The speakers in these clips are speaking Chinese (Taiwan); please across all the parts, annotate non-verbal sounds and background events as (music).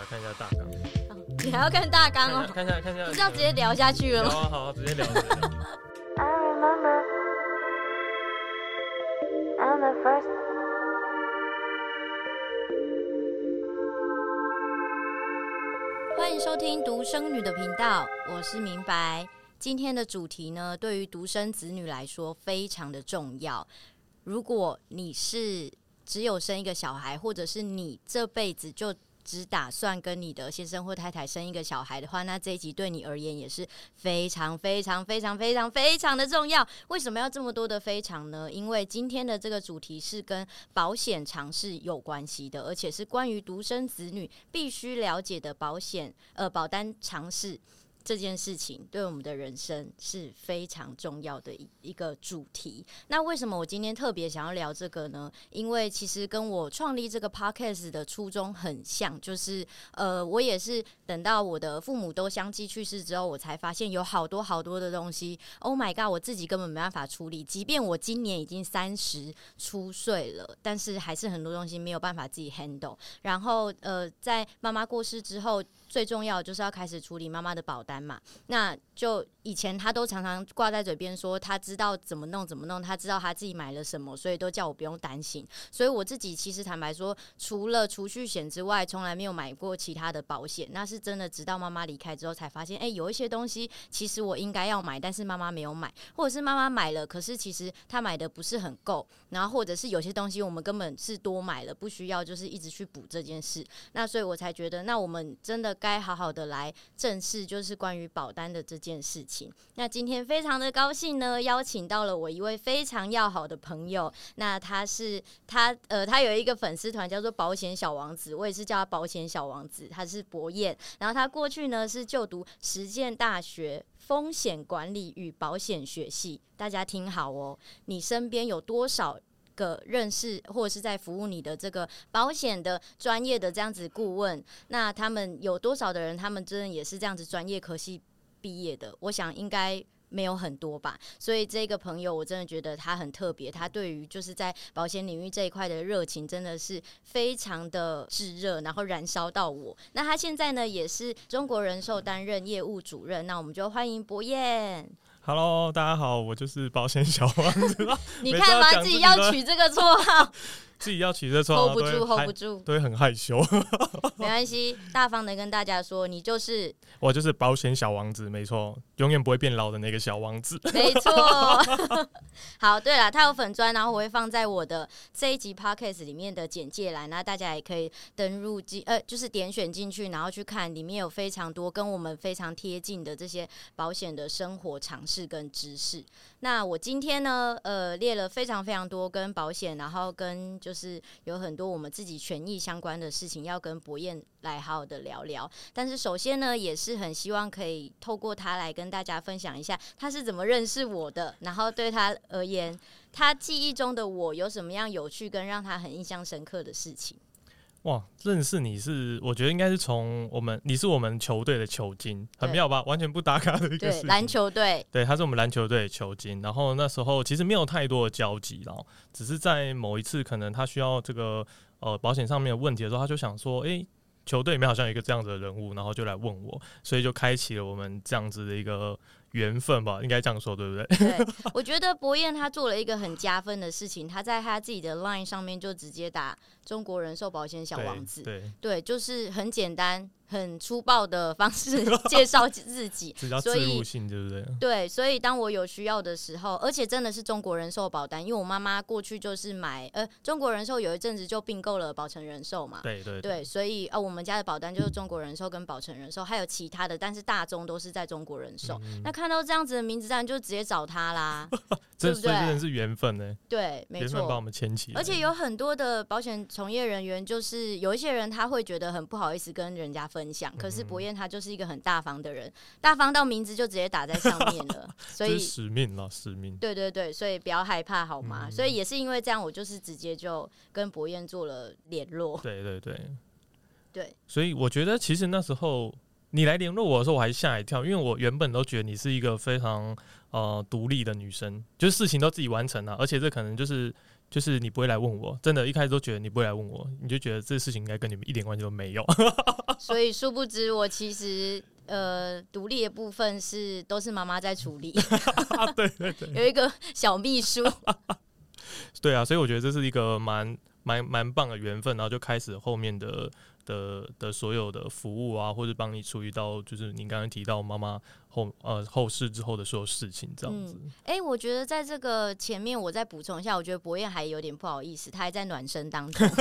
我來看一下大綱。你還要看大綱哦？看一下，看一下，就要直接聊下去了嗎？好啊，好啊，直接聊下去了。I remember. I'm the first. 歡迎收聽獨生女的頻道，我是明白。今天的主題呢，對於獨生子女來說非常的重要。如果你是只有生一個小孩，或者是你這輩子就只打算跟你的先生或太太生一個小孩的話，那這一集對你而言也是非常、非常、非常、非常、非常的重要。為什麼要這麼多的非常呢？因為今天的這個主題是跟保險常識有關係的，而且是關於獨生子女必須了解的保險呃保單常識。這件事情對我們的人生是非常重要的一,一個主題。那為什麼我今天特別想要聊這個呢？因為其實跟我創立這個 podcast 的初衷很像，就是呃，我也是等到我的父母都相繼去世之後，我才發現有好多好多的東西。Oh my god，我自己根本沒辦法處理。即便我今年已經三十出歲了，但是還是很多東西沒有辦法自己 handle。然後呃，在媽媽過世之後。最重要就是要開始處理媽媽的保單嘛，那就以前他都常常掛在嘴邊說，他知道怎麼弄，怎麼弄，他知道他自己買了什麼，所以都叫我不用擔心。所以我自己其實坦白說，除了儲蓄險之外，從來沒有買過其他的保險。那是真的，直到媽媽離開之後才發現，哎，有一些東西其實我應該要買，但是媽媽沒有買，或者是媽媽買了，可是其實她買的不是很夠。然後或者是有些東西我們根本是多買了，不需要就是一直去補這件事。那所以我才覺得，那我們真的。該好好的來正視，就是關於保單的這件事情。那今天非常的高興呢，邀請到了我一位非常要好的朋友。那他是他呃，他有一個粉絲團叫做“保險小王子”，我也是叫他“保險小王子”。他是柏彥，然後他過去呢是就讀實踐大學風險管理與保險學系。大家聽好哦，你身邊有多少？個認識或者是在服務你的這個保險的專業的這樣子顧問，那他們有多少的人，他們真的也是這樣子專業科系畢業的？我想應該沒有很多吧。所以這個朋友我真的覺得他很特別，他對於就是在保險領域這一塊的熱情真的是非常的炙熱，然後燃燒到我。那他現在呢也是中國人壽擔任業務主任，那我們就歡迎柏彥。Hello，大家好，我就是保險小王子。你看嘛，自己要， (laughs) 要取這個綽號。自己要騎車 Hold 會，錯 hold 不住，hold 不住，對，很害羞。沒關係，大方的跟大家說，你就是我就是保險小王子，沒錯，永遠不會變老的那個小王子，沒錯錯。 (laughs) 好，對了，他有粉專，然後我會放在我的這一集 Podcast 裡面的簡介欄，然後大家也可以登入進，呃，就是點選進去，然後去看裡面有非常多跟我們非常貼近的這些保險的生活常識跟知識。那我今天呢，呃，列了非常非常多跟保險，然後跟就是有很多我們自己權益相關的事情，要跟柏彥來好好的聊聊。但是首先呢，也是很希望可以透過他來跟大家分享一下他是怎麼認識我的，然後對他而言，他記憶中的我有什麼樣有趣跟讓他很印象深刻的事情。哇，認識你是我覺得應該是從我們，你是我們球隊的球精，很妙吧？對完全不搭嘎的一個事。對，籃球隊，對，他是我們籃球隊的球精，然後那時候其實沒有太多的交集，只是在某一次可能他需要這個呃保險上面的問題的時候，他就想說，誒、欸，球隊裡面好像有一個這樣子的人物，然後就來問我，所以就開啟了我們這樣子的一個。緣分吧，應該這樣說對不對？對，我覺得柏彥他做了一個很加分的事情， (laughs) 他在他自己的 Line 上面就直接打中國人壽保險小王子，對，對，對，就是很簡單。很粗暴的方式介紹自己，所以對不對？對，所以當我有需要的時候，而且真的是中國人壽保單，因為我媽媽過去就是買呃中國人壽，有一陣子就併購了保誠人壽嘛，對對對，對，所以哦、啊，我們家的保單就是中國人壽跟保誠人壽，還有其他的，但是大宗都是在中國人壽。嗯嗯、那看到這樣子的名字，當然就直接找他啦，對 (laughs) 不對、啊？真的是緣分呢、欸，對，沒錯，幫我們牽起，而且有很多的保險從業人員，就是有一些人他會覺得很不好意思跟人家分。分享，可是柏彥他就是一個很大方的人，大方到名字就直接打在上面了。 (laughs) 所以使命了，使命。對對對，所以不要害怕，好嗎？嗯、所以也是因為這樣，我就是直接就跟柏彥做了聯絡。對對對，對。對 所以我覺得其實那時候你來聯絡我的時候，我還嚇一跳，因為我原本都覺得你是一個非常呃獨立的女生，就是事情都自己完成了、啊，而且這可能就是就是你不會來問我，真的，一開始都覺得你不會來問我，你就覺得這事情應該跟你們一點關係都沒有。 (laughs) 所以，殊不知我其實呃，獨立的部分是都是媽媽在處理。 (laughs) 對對，對 (laughs) 有一個小秘書。 (laughs) 對啊，所以我覺得這是一個蠻蠻蠻棒的緣分，然後就開始後面的的的所有的服務啊，或是幫你處理到就是您剛剛提到媽媽後呃後事之後的所有事情這樣子。哎、嗯欸，我覺得在這個前面，我再補充一下，我覺得柏彥還有點不好意思，他還在暖身當中。 (laughs)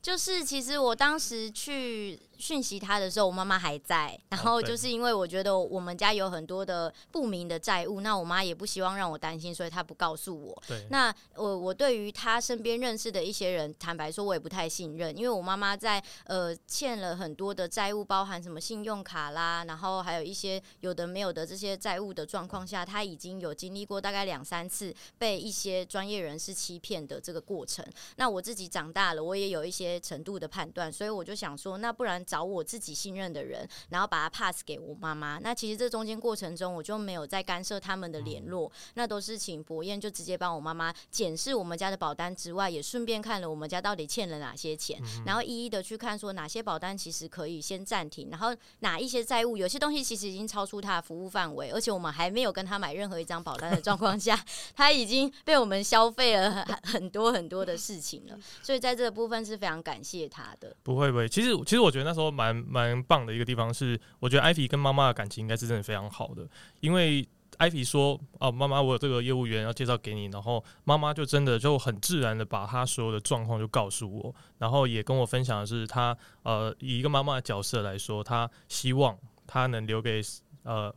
就是其實我當時去訊息他的時候，我媽媽還在。然後就是因為我覺得我們家有很多的不明的債務，那我媽也不希望讓我擔心，所以她不告訴我。對那我我對於他身邊認識的一些人，坦白說，我也不太信任，因為我媽媽在呃欠了很多的債務，包含什麼信用卡啦，然後還有一些有的沒有的這些債務的狀況下，她已經有經歷過大概兩三次被一些專業人士欺騙的這個過程。那我自己長大了，我也有一些程度的判斷，所以我就想說，那不然。找我自己信任的人，然後把它 pass 給我媽媽。那其實這中間過程中，我就沒有再干涉他們的聯絡，嗯、那都是請柏彥就直接幫我媽媽檢視我們家的保單之外，也順便看了我們家到底欠了哪些錢，嗯、然後一一的去看說哪些保單其實可以先暫停，然後哪一些債務，有些東西其實已經超出他的服務範圍，而且我們還沒有跟他買任何一張保單的狀況下， (laughs) 他已經被我們消費了很很多很多的事情了。所以在這個部分是非常感謝他的。不會不會，其實其實我覺得。說蠻蠻棒的一個地方是，我覺得艾菲跟媽媽的感情應該是真的非常好的，因為艾菲說：“哦、啊，媽媽，我有這個業務員要介紹給你。”然後媽媽就真的就很自然的把她所有的狀況就告訴我，然後也跟我分享的是她，她呃以一個媽媽的角色來說，她希望她能留給呃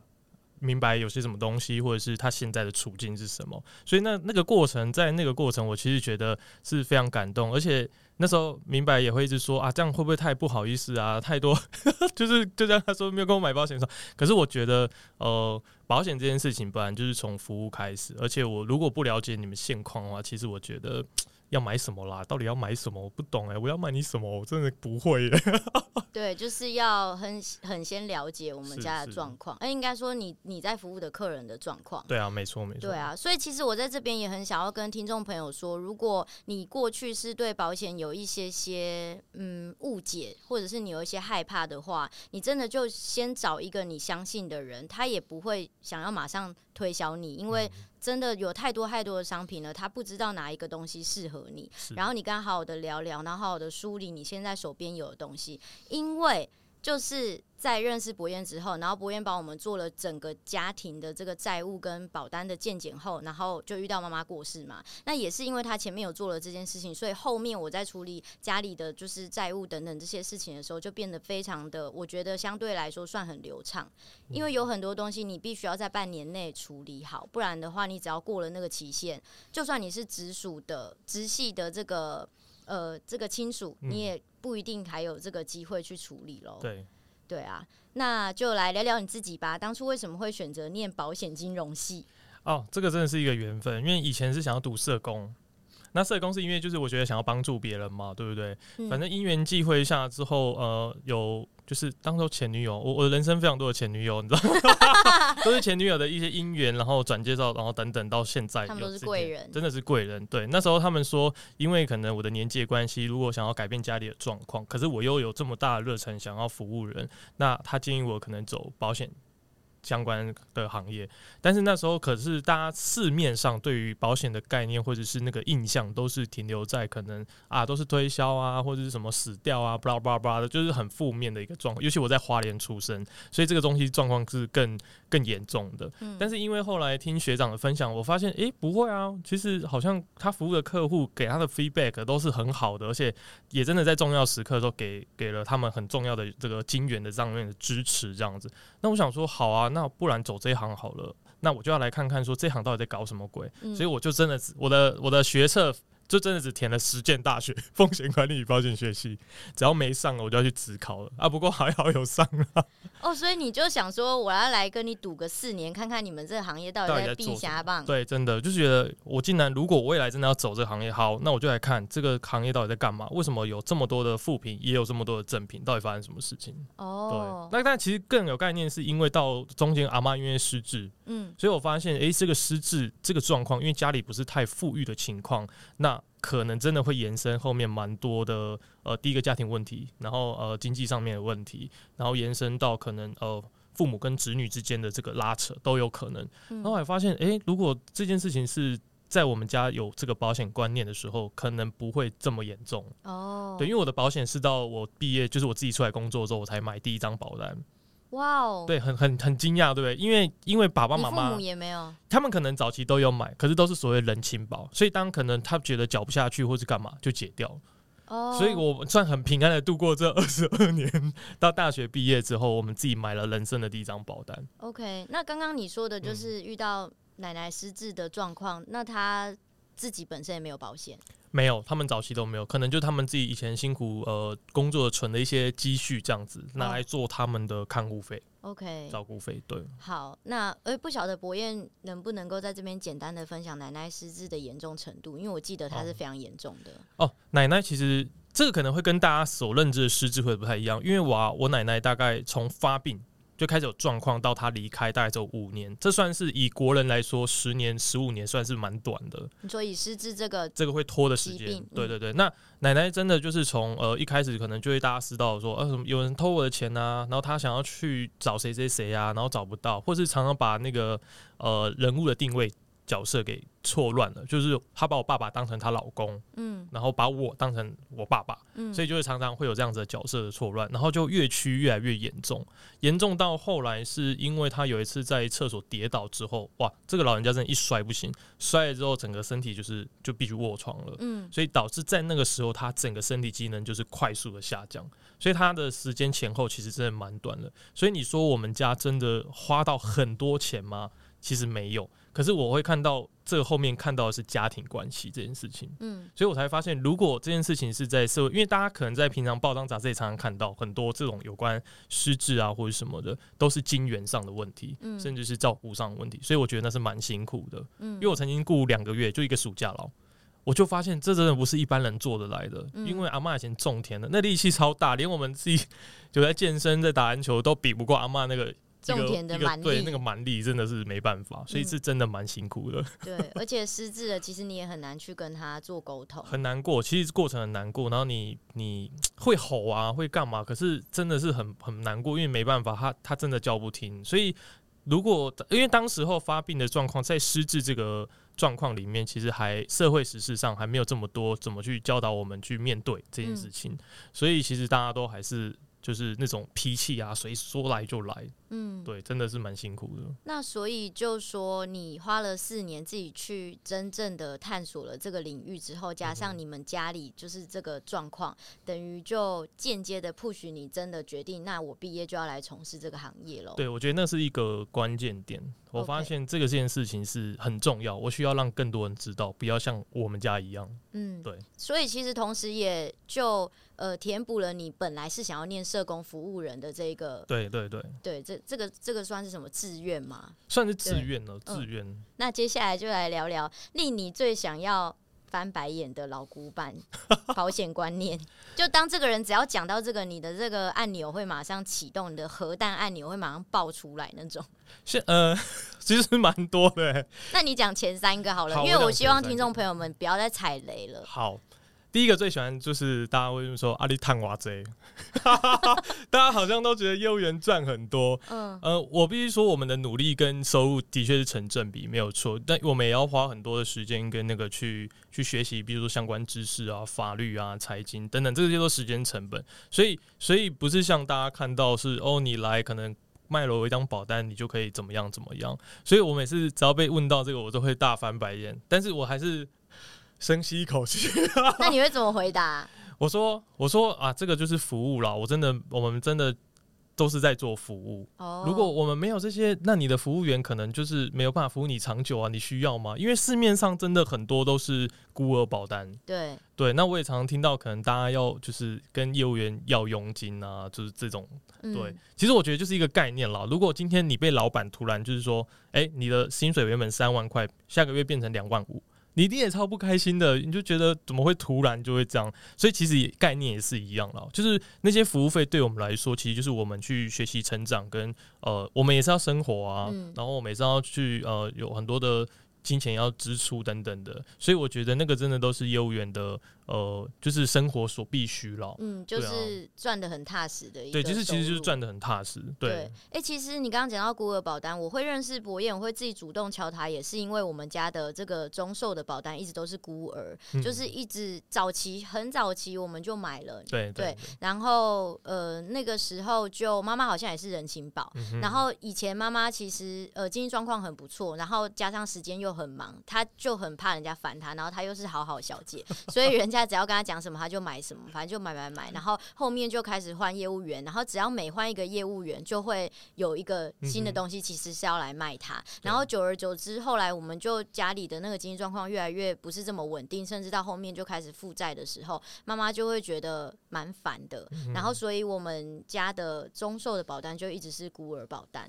明白有些什麼東西，或者是她現在的處境是什麼。所以那那個過程，在那個過程，我其實覺得是非常感動，而且。那時候，明白也會一直說啊，這樣會不會太不好意思啊？太多，呵呵就是就像他說沒有跟我買保險的時候。可是我覺得，呃，保險這件事情，本來就是從服務開始。而且，我如果不了解你們現況的話，其實我覺得。要買什麼啦？到底要買什麼？我不懂哎、欸！我要買你什麼？我真的不會、欸。 (laughs) 對，就是要很很先了解我們家的狀況，哎是是、欸，應該說你你在服務的客人的狀況。對啊，沒錯沒錯。對啊，所以其實我在這邊也很想要跟聽眾朋友說，如果你過去是對保險有一些些嗯誤解，或者是你有一些害怕的話，你真的就先找一個你相信的人，他也不會想要馬上推銷你，因為。嗯真的有太多太多的商品了，他不知道哪一個東西適合你。是然後你跟他好好的聊聊，然後好好的梳理你現在手邊有的東西，因為。就是在認識柏彥之後，然後柏彥幫我們做了整個家庭的這個債務跟保單的健檢後，然後就遇到媽媽過世嘛。那也是因為他前面有做了這件事情，所以後面我在處理家裡的就是債務等等這些事情的時候，就變得非常的，我覺得相對來說算很流暢。因為有很多東西你必須要在半年內處理好，不然的話你只要過了那個期限，就算你是直屬的，直系的這個。呃，這個親屬你也不一定還有這個機會去處理咯。嗯，對，對啊，那就來聊聊你自己吧。當初為什麼會選擇念保險金融系？哦，這個真的是一個緣分，因為以前是想要讀社工。那社工是因為就是我覺得想要幫助別人嘛，對不對？嗯、反正因緣際會下之後，呃，有就是當初前女友，我我的人生非常多的前女友，你知道嗎？都 (laughs) 是前女友的一些姻緣，然後轉介紹，然後等等，到現在他們都是貴人，真的是貴人。對，那時候他們說，因為可能我的年紀的關係，如果想要改變家裡的狀況，可是我又有這麼大的熱忱想要服務人，那他建議我可能走保險相關的行業，但是那時候可是大家市面上對於保險的概念，或者是那個印象都是停留在可能啊，都是推銷啊，或者是什麼死掉啊 blah blah blah 的，就是很負面的一個狀況。尤其我在花蓮出身，所以這個東西狀況是更更嚴重的。嗯、但是因為後來聽學長的分享，我發現哎、欸、不會啊，其實好像他服務的客戶給他的 feedback 都是很好的，而且也真的在重要時刻都給給了他們很重要的這個金援的層面的支持這樣子。那我想說好啊，那那不然走這一行好了，那我就要來看看說這行到底在搞什麼鬼。嗯，所以我就真的我的我的學測。就真的只填了實踐大學風險管理與保險學系，只要沒上了我就要去自考了啊！不過還好有上啊。哦，所以你就想說我要來跟你賭個四年，看看你們這個行業到底在做啥？對，真的就是覺得我竟然如果未來真的要走這個行業，好，那我就來看這個行業到底在幹嘛？為什麼有這麼多的負評，也有這麼多的正評？到底發生什麼事情？哦，對，那但其實更有概念是因為到中間阿媽因為失智，嗯，所以我發現哎、欸，這個失智這個狀況，因為家裡不是太富裕的情況，那。可能真的會延伸後面蠻多的，呃，第一個家庭問題，然後呃，經濟上面的問題，然後延伸到可能呃，父母跟子女之間的這個拉扯都有可能。嗯。然後我還發現，誒，如果這件事情是在我們家有這個保險觀念的時候，可能不會這麼嚴重。哦，對，因為我的保險是到我畢業，就是我自己出來工作之後，我才買第一張保單。哇哦，Wow 對，很很很驚訝，對不對？因為因為爸爸媽媽父母也沒有，他們可能早期都有買，可是都是所謂人情保，所以當可能他覺得繳不下去或是幹嘛就解掉了、oh、所以我們算很平安的度過這二十二年，到大學畢業之後，我們自己買了人生的第一張保單。OK，那剛剛你說的就是遇到奶奶失智的狀況，嗯、那他自己本身也沒有保險。沒有，他們早期都沒有，可能就他們自己以前辛苦呃工作存的一些積蓄這樣子拿來做他們的看護費。Oh. OK，照顧費對。好，那呃不曉得柏彥能不能夠在這邊簡單的分享奶奶失智的嚴重程度，因為我記得她是非常嚴重的哦。Oh. Oh, 奶奶其實這個可能會跟大家所認知的失智會不太一樣，因為我啊我奶奶大概從發病。就開始有狀況，到他離開大概只有五年，這算是以國人來說，十年、十五年算是蠻短的。所以失智這個這個會拖的時間，嗯、對對對。那奶奶真的就是從呃一開始可能就會大家知道說，呃什麼有人偷我的錢吶、啊，然後他想要去找誰誰誰啊，然後找不到，或是常常把那個呃人物的定位，角色給錯亂了，就是他把我爸爸當成他老公，嗯，然後把我當成我爸爸，嗯，所以就會常常會有這樣子的角色的錯亂，然後就越趨越來越嚴重，嚴重到後來是因為他有一次在廁所跌倒之後，哇，這個老人家真的，一摔不行，摔了之後整個身體就是就必須臥床了，嗯，所以導致在那個時候他整個身體機能就是快速的下降，所以他的時間前後其實真的蠻短的，所以你說我們家真的花到很多錢嗎？其實沒有。可是我會看到這後面看到的是家庭關係這件事情，嗯，所以我才發現，如果這件事情是在社會，因為大家可能在平常報章雜誌也常常看到很多這種有關失智啊或者什麼的，都是金援上的問題，甚至是照顧上的問題，所以我覺得那是蠻辛苦的，嗯，因為我曾經顧兩個月就一個暑假了，我就發現這真的不是一般人做得來的，因為阿嬤以前種田的，那力氣超大，連我們自己就在健身在打籃球都比不過阿嬤那個。種田的蠻力，對那個蠻力真的是沒辦法，所以是真的蠻辛苦的。嗯、對， (laughs) 而且失智了，其實你也很難去跟他做溝通，很難過。其實過程很難過，然後你你會吼啊，會幹嘛？可是真的是很很難過，因為沒辦法，他他真的叫不聽。所以如果因為當時候發病的狀況，在失智這個狀況裡面，其實還社會時事上還沒有這麼多，怎麼去教導我們去面對這件事情？嗯、所以其實大家都還是就是那種脾氣啊，誰說來就來。嗯，對，真的是蠻辛苦的。那所以就說，你花了四年自己去真正的探索了這個領域之後，加上你們家裡就是這個狀況，嗯、哼等於就間接的 push 你真的決定，那我畢業就要來從事這個行業了。對，我覺得那是一個關鍵點。我發現這個這件事情是很重要，Okay 我需要讓更多人知道，不要像我們家一樣。嗯，對。所以其實同時也就呃填補了你本來是想要念社工服務人的這個。對對對對這。這個這個算是什麼自願嗎？算是自願了，自願。那接下來就來聊聊令你最想要翻白眼的老古板 (laughs) 保險觀念。就當這個人只要講到這個，你的這個按鈕會馬上啟動，你的核彈按鈕會馬上爆出來那種。是呃，其實蠻多的欸。那你講前三個好了，好，因為我希望聽眾朋友們不要再踩雷了。好。第一個最喜歡就是大家為什麼說阿里探娃賊？啊、 (laughs) (laughs) 大家好像都覺得業務員賺很多。嗯，呃，我必須說，我們的努力跟收入的確是成正比，沒有錯。但我們也要花很多的時間跟那個去去學習，比如說相關知識啊、法律啊、財經等等，這些都時間成本。所以，所以不是像大家看到是哦，你來可能賣了我一張保單，你就可以怎麼樣怎麼樣。所以我每次只要被問到這個，我都會大翻白眼。但是我還是。深吸一口氣， (laughs) 那你會怎麼回答？我說，我說啊，這個就是服務啦。我真的，我們真的都是在做服務。如果我們沒有這些，那你的服務員可能就是沒有辦法服務你長久啊。你需要嗎？因為市面上真的很多都是孤兒保單。對對，那我也常常聽到，可能大家要就是跟業務員要佣金啊，就是這種。對，其實我覺得就是一個概念啦。如果今天你被老闆突然就是說，哎，你的薪水原本三萬塊，下個月變成兩萬五。你一定也超不開心的，你就覺得怎麼會突然就會這樣？所以其實也概念也是一樣了，就是那些服務費對我們來說，其實就是我們去學習成長跟，跟呃，我們也是要生活啊，嗯、然後我們也是要去呃，有很多的。金錢要支出等等的，所以我覺得那個真的都是業務員的，呃，就是生活所必須了。嗯，就是賺得很踏實的一。對，就是其實就是賺得很踏實。對，哎、欸，其實你剛剛講到孤兒保單，我會認識柏彥，我會自己主動敲他，也是因為我們家的這個中壽的保單一直都是孤兒，嗯、就是一直早期很早期我們就買了。對對，對對。然後呃，那個時候就媽媽好像也是人情保，嗯、哼然後以前媽媽其實呃經濟狀況很不錯，然後加上時間又。很忙，他就很怕人家煩他，然後他又是好好小姐，所以人家只要跟他講什麼，他就買什麼，反正就買買買。然後後面就開始換業務員，然後只要每換一個業務員，就會有一個新的東西，嗯嗯，其實是要來賣他。然後久而久之，後來我們就家裡的那個經濟狀況越來越不是這麼穩定，甚至到後面就開始負債的時候，媽媽就會覺得蠻煩的。然後所以我們家的中壽的保單就一直是孤兒保單。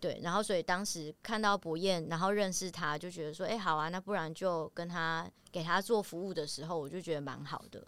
對，然後所以當時看到柏彥，然後認識他，就覺得說，哎，好啊，那不然就跟他給他做服務的時候，我就覺得蠻好的。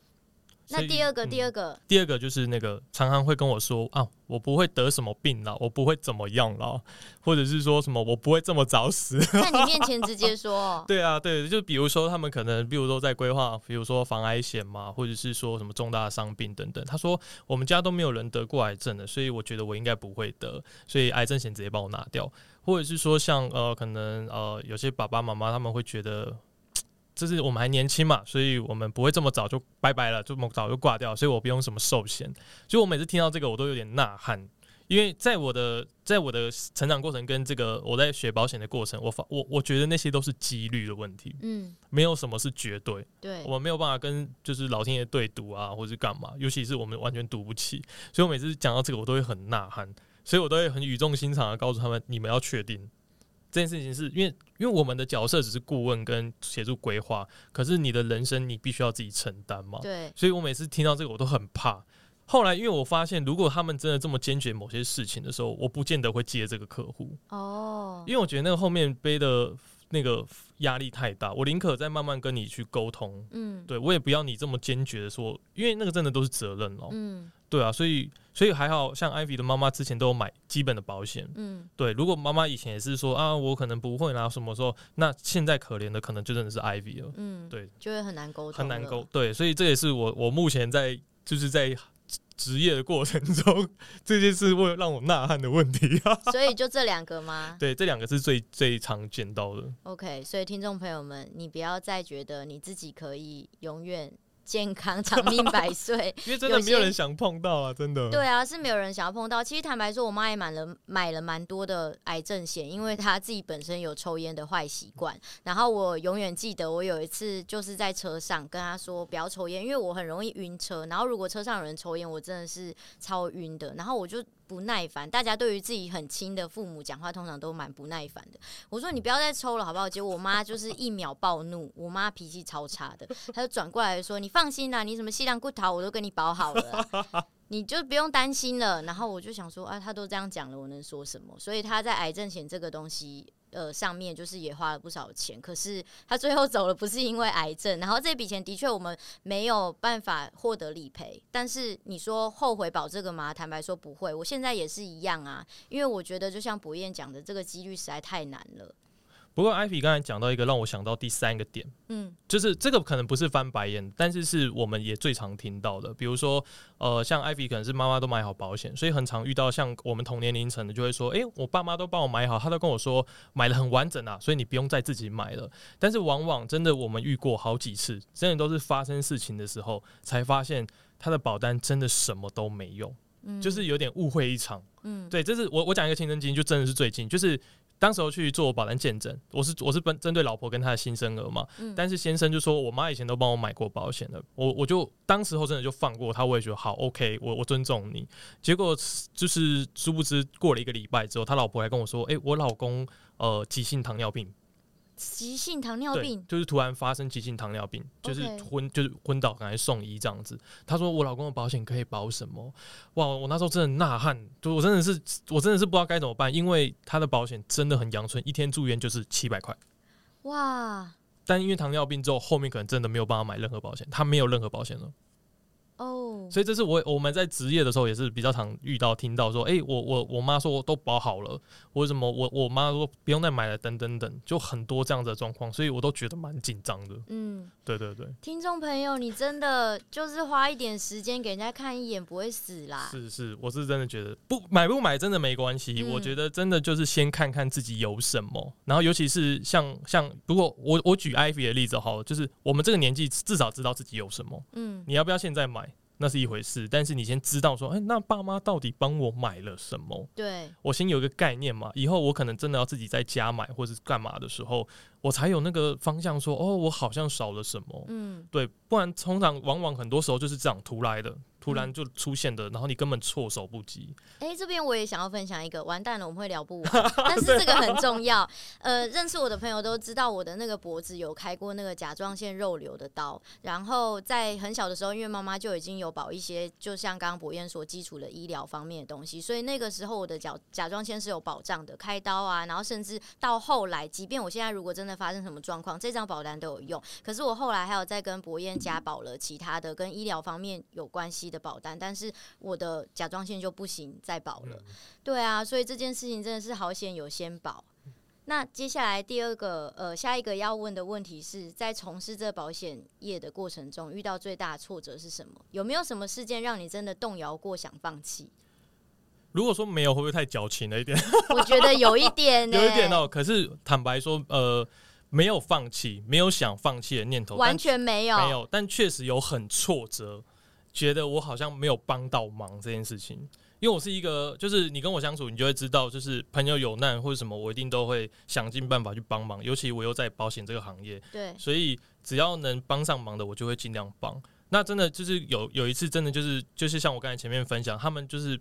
那第二個，嗯、第二個，第二個就是那個常常會跟我說啊，我不會得什麼病了，我不會怎麼樣了，或者是說什麼我不會這麼早死，在你面前直接說， (laughs) 對啊，對，就比如說他們可能，比如說在規劃，比如說防癌險嘛，或者是說什麼重大傷病等等。他說我們家都沒有人得過癌症的，所以我覺得我應該不會得，所以癌症險直接幫我拿掉，或者是說像呃，可能呃，有些爸爸媽媽他們會覺得。就是我們還年輕嘛，所以我們不會這麼早就拜拜了，就這麼早就掛掉，所以我不用什麼壽險。所以我每次聽到這個，我都有點吶喊，因為在我的，在我的成長過程跟這個我在學保險的過程，我發我我覺得那些都是幾率的問題，嗯，沒有什麼是絕對。對，我們沒有辦法跟就是老天爺對賭啊，或者是幹嘛，尤其是我們完全賭不起。所以我每次講到這個，我都會很吶喊，所以我都會很語重心長的告訴他們，你們要確定這件事情是，因為因為我們的角色只是顧問跟協助規劃，可是你的人生你必須要自己承擔嘛。對，所以我每次聽到這個我都很怕。後來，因為我發現，如果他們真的這麼堅決某些事情的時候，我不見得會接這個客戶哦，因為我覺得那個後面背的那個壓力太大，我寧可再慢慢跟你去溝通。嗯，對，我也不要你這麼堅決的說，因為那個真的都是責任哦。嗯。對啊，所以所以還好像 Ivy 的媽媽之前都有買基本的保險，嗯，對。如果媽媽以前也是說啊，我可能不會拿，啊，什麼時候，那現在可憐的可能就真的是 Ivy 了，嗯，對，就會很難溝通，很難溝，對，所以這也是我我目前在就是在職業的過程中， (laughs) 這件事會讓我吶喊的問題。 (laughs) 所以就這兩個嗎？對，這兩個是最最常見到的。OK，所以聽眾朋友們，你不要再覺得你自己可以永遠。健康長命百歲， (laughs) 因為真的沒有人想碰到啊，真的。對啊，是沒有人想要碰到。其實坦白說，我媽也買了買了蠻多的癌症險，因為她自己本身有抽菸的壞習慣。然後我永遠記得，我有一次就是在車上跟她說不要抽菸，因為我很容易暈車。然後如果車上有人抽菸，我真的是超暈的。然後我就。不耐煩，大家對於自己很親的父母講話，通常都蠻不耐煩的。我說你不要再抽了，好不好？結果我媽就是一秒暴怒， (laughs) 我媽脾氣超差的，她就轉過來說：“你放心啦，你什麼西涼骨頭我都給你保好了， (laughs) 你就不用擔心了。”然後我就想說：“啊，她都這樣講了，我能說什麼？”所以她在癌症險這個東西。呃，上面就是也花了不少錢，可是他最後走了，不是因為癌症。然後這筆錢的確我們沒有辦法獲得理賠，但是你說後悔保這個嗎？坦白說不會，我現在也是一樣啊，因為我覺得就像柏彥講的，這個幾率實在太難了。不過，艾比剛才講到一個讓我想到第三個點，嗯，就是這個可能不是翻白眼，但是是我們也最常聽到的。比如說，呃，像艾比可能是媽媽都買好保險，所以很常遇到像我們同年齡層的就會說，誒、欸，我爸媽都幫我買好，他都跟我說買的很完整啊，所以你不用再自己買了。但是往往真的我們遇過好幾次，真的都是發生事情的時候才發現他的保單真的什麼都沒有，嗯，就是有點誤會一場，嗯，對，這是我我講一個親身經歷，就真的是最近就是。當時候去做保單健診，我是我是針針對老婆跟她的新生兒嘛，嗯、但是先生就說，我媽以前都幫我買過保險的，我我就當時候真的就放過她，我也覺得好 OK，我我尊重你。結果就是殊不知過了一個禮拜之後，他老婆還跟我說，哎、欸，我老公呃急性糖尿病。急性糖尿病，就是突然發生急性糖尿病，就是昏，Okay. 就是昏倒，趕來送醫這樣子。他說我老公的保險可以保什麼？哇，我那時候真的吶喊，就我真的是，我真的是不知道該怎麼辦，因為他的保險真的很陽春，一天住院就是七百塊。哇！但因為糖尿病之後，後面可能真的沒有辦法買任何保險，他沒有任何保險了。哦，oh. 所以這是我我們在職業的時候也是比較常遇到、聽到說，哎、欸，我我我媽說我都保好了，我什麼我我媽說不用再買了，等等等，就很多這樣子的狀況，所以我都覺得蠻緊張的。嗯，對對對，聽眾朋友，你真的就是花一點時間給人家看一眼，不會死啦。是是，我是真的覺得不買不買，真的沒關係。嗯、我覺得真的就是先看看自己有什麼，然後尤其是像像，如果我我舉 Ivy 的例子好了，就是我們這個年紀至少知道自己有什麼。嗯，你要不要現在買？那是一回事，但是你先知道說，哎、欸，那爸媽到底幫我買了什麼？對，我先有一個概念嘛，以後我可能真的要自己在家買或者是幹嘛的時候。我才有那個方向說哦，我好像少了什麼，嗯，對，不然通常往往很多時候就是這樣突然來的，突然就出現的，嗯、然後你根本措手不及。哎、欸，這邊我也想要分享一個，完蛋了，我們會聊不完， (laughs) 但是這個很重要。 (laughs) 呃，認識我的朋友都知道我的那個脖子有開過那個甲狀腺肉瘤的刀，然後在很小的時候，因為媽媽就已經有保一些，就像剛剛柏彥所基礎的醫療方面的東西，所以那個時候我的甲甲狀腺是有保障的，開刀啊，然後甚至到後來，即便我現在如果真的。發生什麼狀況，這張保單都有用。可是我後來還有在跟柏彥加保了其他的跟醫療方面有關係的保單，但是我的甲狀腺就不行再保了。對啊，所以這件事情真的是好險有先保。那接下來第二個呃，下一個要問的問題是在從事這保險業的過程中，遇到最大的挫折是什麼？有沒有什麼事件讓你真的動搖過，想放棄？如果說沒有，會不會太矯情了一點？我覺得有一點、欸， (laughs) 有一點哦。可是坦白說，呃，沒有放棄，沒有想放棄的念頭，完全沒有，沒有。但確實有很挫折，覺得我好像沒有幫到忙這件事情。因為我是一個，就是你跟我相處，你就會知道，就是朋友有難或者什麼，我一定都會想盡辦法去幫忙。尤其我又在保險這個行業，對，所以只要能幫上忙的，我就會盡量幫。那真的就是有有一次，真的就是就是像我剛才前面分享，他們就是。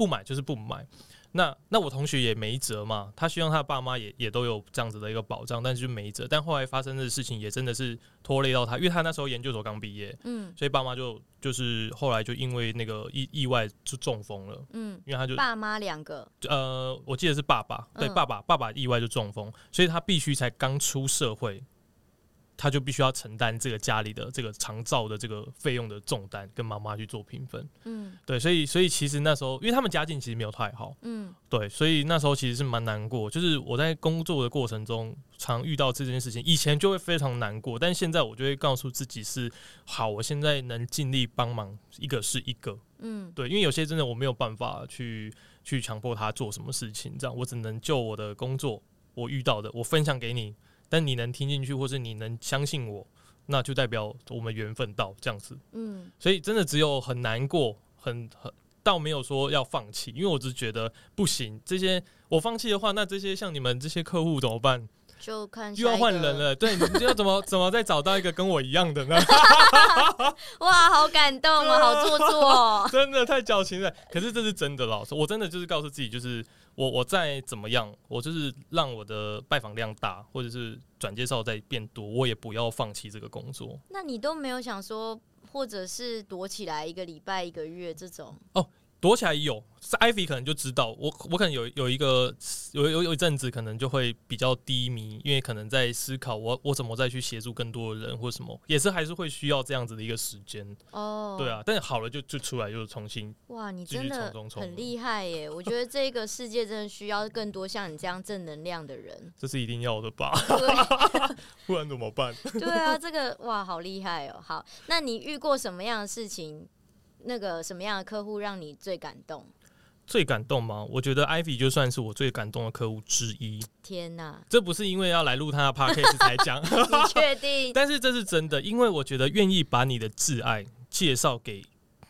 不買就是不買，那那我同學也沒轍嘛。他希望他爸媽也也都有這樣子的一個保障，但是就沒轍。但後來發生的事情也真的是拖累到他，因為他那時候研究所剛畢業，嗯，所以爸媽就就是後來就因為那個意意外就中風了，嗯，因為他就爸媽兩個，呃，我記得是爸爸，對，爸爸，嗯，爸爸意外就中風，所以他必須才剛出社會。他就必須要承擔這個家裡的這個長照的這個費用的重擔，跟媽媽去做平分。嗯，對，所以所以其實那時候，因為他們家境其實沒有太好。嗯，對，所以那時候其實是蠻難過。就是我在工作的過程中，常遇到這件事情，以前就會非常難過，但現在我就會告訴自己是好，我現在能盡力幫忙一個是一個。嗯，對，因為有些真的我沒有辦法去去強迫他做什麼事情，這樣我只能就我的工作我遇到的，我分享給你。但你能聽進去，或是你能相信我，那就代表我們緣分到這樣子。嗯，所以真的只有很難過，很很倒沒有說要放棄，因為我只是覺得不行。這些我放棄的話，那這些像你們這些客戶怎麼辦？就看又要換人了。對，你要怎麼 (laughs) 怎麼再找到一個跟我一樣的呢？ (laughs) (laughs) 哇，好感動啊、 (laughs) 哦，好做作，作、哦、 (laughs) 真的太矯情了。可是這是真的，老師，我真的就是告訴自己就是。我我再怎麼樣，我就是讓我的拜訪量大，或者是轉介紹再變多，我也不要放棄這個工作。那你都沒有想說，或者是躲起來一個禮拜、一個月這種哦。躲起來也有，是 Ivy 可能就知道我，我可能有有一個有有有一陣子可能就會比較低迷，因為可能在思考我我怎麼再去協助更多的人或什麼，也是還是會需要這樣子的一個時間哦，oh. 對啊，但是好了就就出來就是重新哇，你真的，沖沖沖的很厲害耶！我覺得這個世界真的需要更多像你這樣正能量的人， (laughs) 這是一定要的吧？ (laughs) 對 (laughs) 不然怎麼辦？對啊，這個哇，好厲害哦、喔！好，那你遇過什麼樣的事情？那個什麼樣的客戶讓你最感動？最感動嗎？我覺得 Ivy 就算是我最感動的客戶之一。天哪！這不是因為要來錄他的 Podcast 才講。 (laughs) 你確定？ (laughs) 但是這是真的，因為我覺得願意把你的摯愛介紹給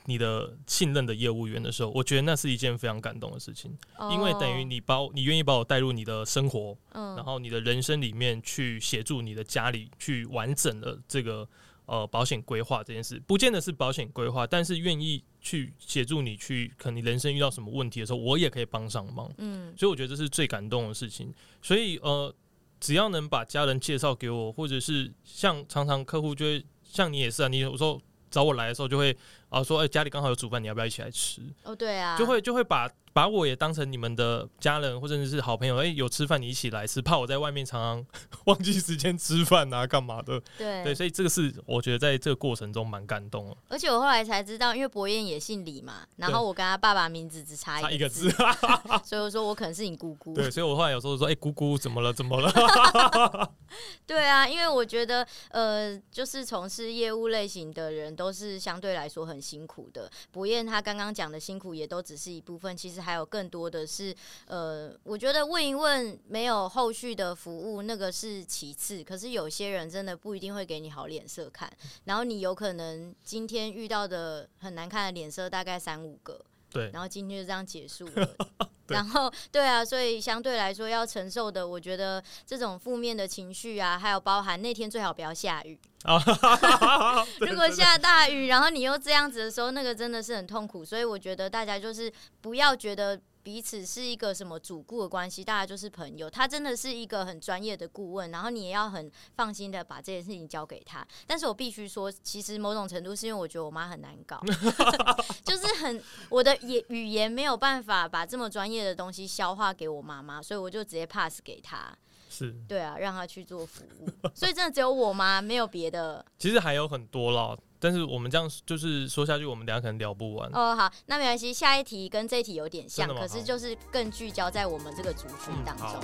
你的信任的業務員的時候，我覺得那是一件非常感動的事情。哦、因為等於你把我，你願意把我帶入你的生活，嗯、然後你的人生裡面去協助你的家裡，去完整的這個。呃，保險規劃這件事，不見得是保險規劃，但是願意去協助你去，可能人生遇到什麼問題的時候，我也可以幫上忙，嗯，所以我覺得這是最感動的事情。所以呃，只要能把家人介紹給我，或者是像常常客戶就會像你也是啊，你有時候找我來的時候就會啊、呃、說，誒、欸，家裡剛好有煮飯，你要不要一起來吃？哦，對啊，就會就會把。把我也當成你們的家人，或者是好朋友。哎、欸，有吃飯你一起來吃，是怕我在外面常常忘記時間吃飯啊，幹嘛的？對對，所以這個是我覺得在這個過程中蠻感動的。而且我後來才知道，因為柏彥也姓李嘛，然後我跟他爸爸名字只差一個字，個字 (laughs) 所以我說我可能是你姑姑。對，所以我後來有時候說：“哎、欸，姑姑怎麼了？怎麼了？” (laughs) (laughs) 對啊，因為我覺得呃，就是從事業務類型的人都是相對來說很辛苦的。柏彥他剛剛講的辛苦也都只是一部分，其實。還有更多的是，呃，我覺得問一問沒有後續的服務，那個是其次。可是有些人真的不一定會給你好臉色看，然後你有可能今天遇到的很難看的臉色大概三五個，對，然後今天就這樣結束了。 (laughs) 然後，對啊，所以相對來說要承受的，我覺得這種負面的情緒啊，還有包含那天最好不要下雨。 (laughs) (laughs) 如果下大雨，然後你又這樣子的時候，那個真的是很痛苦。所以我覺得大家就是不要覺得。彼此是一個什麼主顧的關係，大家就是朋友。他真的是一個很專業的顧問，然後你也要很放心的把這件事情交給他。但是我必須說，其實某種程度是因為我覺得我媽很難搞， (laughs) (laughs) 就是很我的語語言沒有辦法把這麼專業的東西消化給我媽媽，所以我就直接 pass 給她。是對啊，讓她去做服務。所以真的只有我媽，沒有別的。其實還有很多啦。但是我們這樣就是說下去，我們等下可能聊不完。哦，好，那沒關係，下一題跟這一題有點像，可是就是更聚焦在我們這個族群當中好。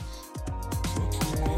嗯